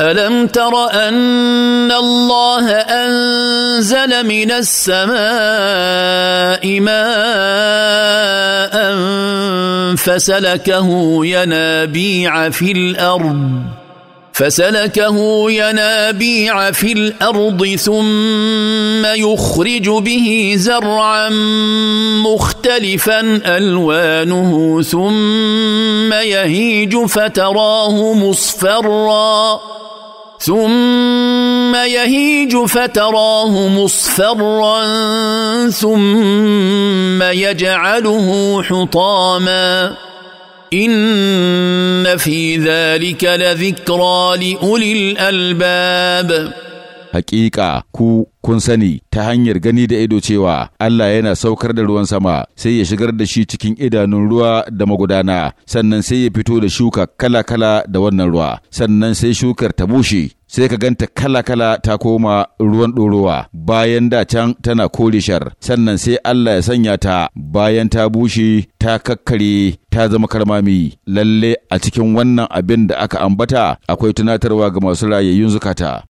الم تر ان الله انزل من السماء ماء فسلكه ينابيع في الارض فسلكه ينابيع في الارض ثم يخرج به زرعا مختلفا الوانه ثم يهيج فتراه مصفرا ثم يهيج فتراه مصفرا ثم يجعله حطاما ان في ذلك لذكرى لاولي الالباب Hakika ku kun sani ta hanyar gani da ido cewa Allah yana saukar da ruwan sama sai ya shigar da shi cikin idanun ruwa da magudana sannan sai ya fito da shuka kala-kala da wannan ruwa sannan sai shukar ta bushe sai ka ganta kala-kala ta koma ruwan ɗorowa bayan da can tana kore shar sannan sai Allah ya sanya ta bayan ta bushe ta kakkare ta zama karmami lalle a cikin wannan abin da aka ambata akwai tunatarwa ga masu rayayyun zukata